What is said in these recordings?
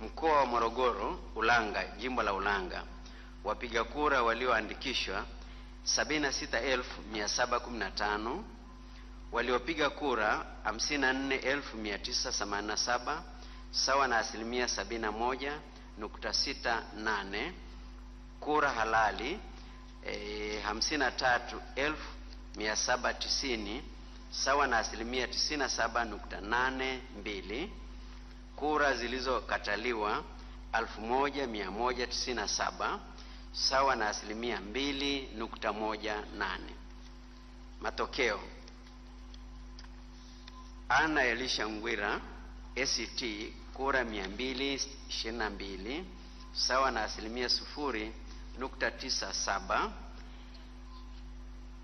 Mkoa wa Morogoro, Ulanga, jimbo la Ulanga, wapiga kura walioandikishwa 76715, waliopiga kura 54987 sawa na asilimia 71.68. Kura halali e, eh, 53790 sawa na asilimia 97.82 kura zilizokataliwa 1197 sawa na asilimia 2.18. Matokeo: ana Elisha Ngwira ACT kura 222 sawa na asilimia 0.97.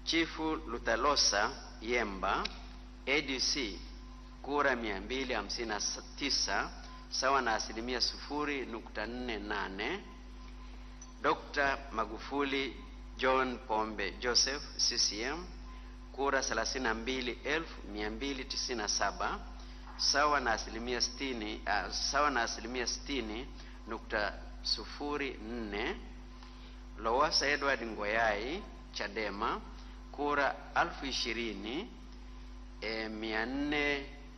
Chifu luthalosa Yemba ADC kura 259 sawa na asilimia 0.48. Dr. Magufuli John Pombe Joseph CCM kura 32297 sawa na asilimia 60, uh, ah, sawa na asilimia 60.04. Lowasa Edward Ngoyai Chadema kura 1020 eh, 400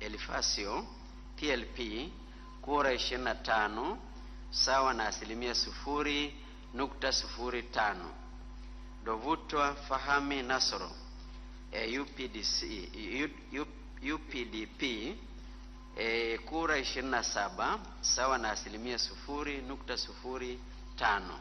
Elifasio PLP kura 25 sawa na asilimia sufuri nukta sufuri tano. Dovutwa Fahami Nasoro e, eh, UPDC, U, U, UPDP e, eh, kura 27 sawa na asilimia sufuri nukta sufuri tano.